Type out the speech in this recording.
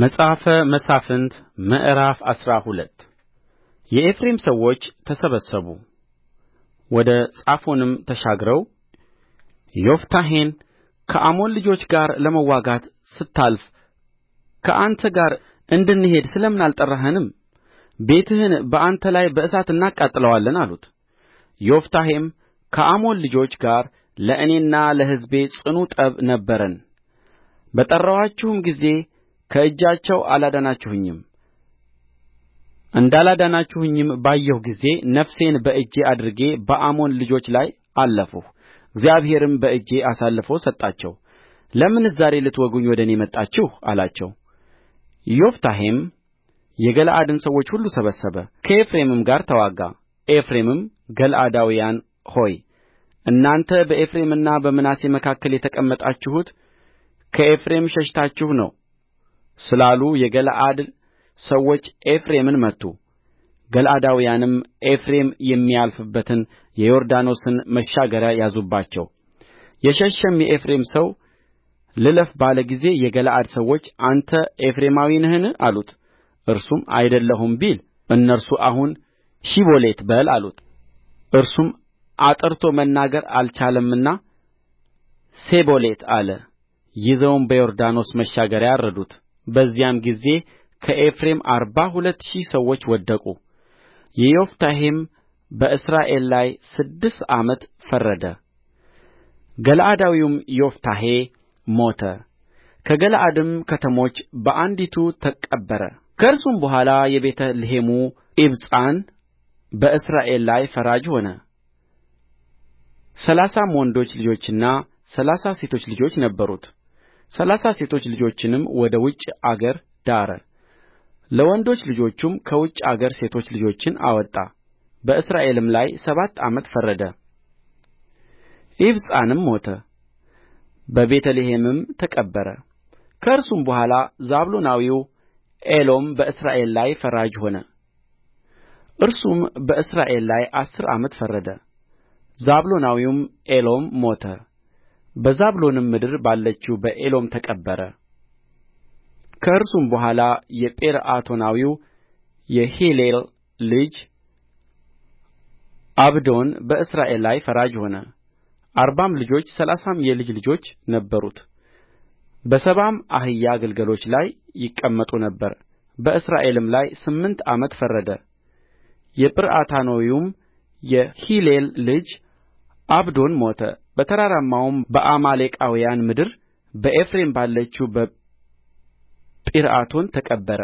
መጽሐፈ መሣፍንት ምዕራፍ አስራ ሁለት የኤፍሬም ሰዎች ተሰበሰቡ፣ ወደ ጻፎንም ተሻግረው ዮፍታሔን ከአሞን ልጆች ጋር ለመዋጋት ስታልፍ ከአንተ ጋር እንድንሄድ ስለ ምን አልጠራኸንም? ቤትህን በአንተ ላይ በእሳት እናቃጥለዋለን አሉት። ዮፍታሔም ከአሞን ልጆች ጋር ለእኔና ለሕዝቤ ጽኑ ጠብ ነበረን በጠራኋችሁም ጊዜ ከእጃቸው አላዳናችሁኝም እንዳላዳናችሁኝም ባየሁ ጊዜ ነፍሴን በእጄ አድርጌ በአሞን ልጆች ላይ አለፍሁ እግዚአብሔርም በእጄ አሳልፎ ሰጣቸው ለምንስ ዛሬ ልትወጉኝ ወደ እኔ መጣችሁ አላቸው ዮፍታሔም የገለዓድን ሰዎች ሁሉ ሰበሰበ ከኤፍሬምም ጋር ተዋጋ ኤፍሬምም ገለዓዳውያን ሆይ እናንተ በኤፍሬምና በምናሴ መካከል የተቀመጣችሁት ከኤፍሬም ሸሽታችሁ ነው ስላሉ የገለዓድ ሰዎች ኤፍሬምን መቱ ገለዓዳውያንም ኤፍሬም የሚያልፍበትን የዮርዳኖስን መሻገሪያ ያዙባቸው የሸሸም የኤፍሬም ሰው ልለፍ ባለ ጊዜ የገለዓድ ሰዎች አንተ ኤፍሬማዊ ነህን አሉት እርሱም አይደለሁም ቢል እነርሱ አሁን ሺቦሌት በል አሉት እርሱም አጥርቶ መናገር አልቻለምና ሴቦሌት አለ ይዘውም በዮርዳኖስ መሻገሪያ አረዱት በዚያም ጊዜ ከኤፍሬም አርባ ሁለት ሺህ ሰዎች ወደቁ። ዮፍታሔም በእስራኤል ላይ ስድስት ዓመት ፈረደ። ገለዓዳዊውም ዮፍታሔ ሞተ፣ ከገለዓድም ከተሞች በአንዲቱ ተቀበረ። ከእርሱም በኋላ የቤተ ልሔሙ ኢብጻን በእስራኤል ላይ ፈራጅ ሆነ። ሰላሳም ወንዶች ልጆችና ሰላሳ ሴቶች ልጆች ነበሩት። ሠላሳ ሴቶች ልጆችንም ወደ ውጭ አገር ዳረ ለወንዶች ልጆቹም ከውጭ አገር ሴቶች ልጆችን አወጣ በእስራኤልም ላይ ሰባት ዓመት ፈረደ ኢብጻንም ሞተ በቤተ ልሔምም ተቀበረ ከእርሱም በኋላ ዛብሎናዊው ኤሎም በእስራኤል ላይ ፈራጅ ሆነ እርሱም በእስራኤል ላይ አሥር ዓመት ፈረደ ዛብሎናዊውም ኤሎም ሞተ በዛብሎንም ምድር ባለችው በኤሎም ተቀበረ ከእርሱም በኋላ የጲርዓቶናዊው የሂሌል ልጅ ዓብዶን በእስራኤል ላይ ፈራጅ ሆነ አርባም ልጆች ሠላሳም የልጅ ልጆች ነበሩት በሰባም አህያ ግልገሎች ላይ ይቀመጡ ነበር በእስራኤልም ላይ ስምንት ዓመት ፈረደ የጲርዓቶናዊውም የሂሌል ልጅ ዓብዶን ሞተ በተራራማውም በአማሌቃውያን ምድር በኤፍሬም ባለችው በጲርዓቶን ተቀበረ